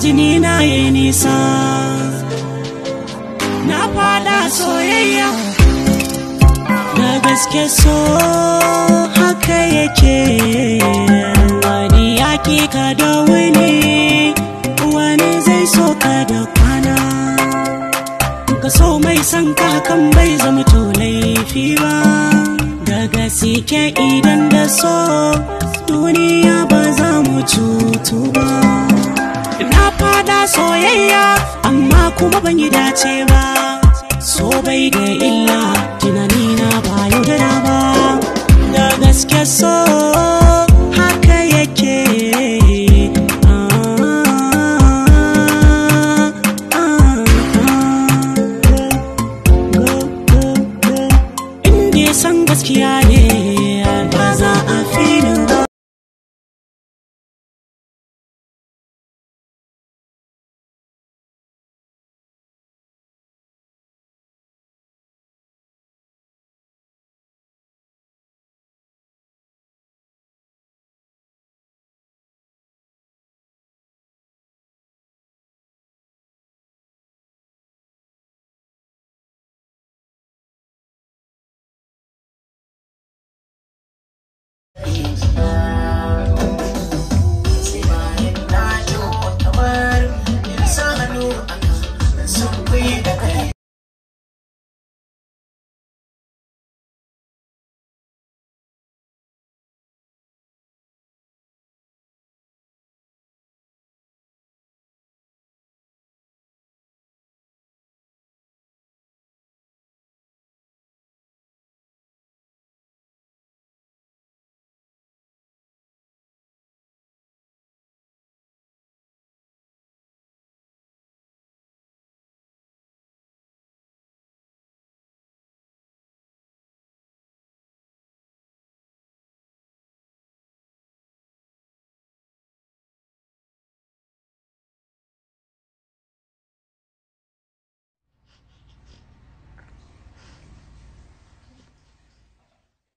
jini na yi nisa na fada soyayya da gaske so haka yake wani yaki ka da wani wani zai so ka da kwana ka so mai san kakan bai zama to laifi ba daga sike idan da so duniya ba za mu cutu ba soyayya amma kuma ban yi dace ba so bai da illa tunani na ba yaudara ba da gaske so haka yake ah, ah, ah. inda san gaskiya ne Peace.